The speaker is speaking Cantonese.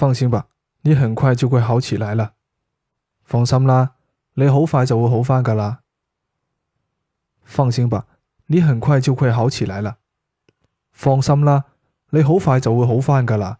放心吧，你很快就會好起來了。放心啦，你好快就會好返㗎啦。放心吧，你很快就會好起來了。放心啦，你好快就會好返㗎啦。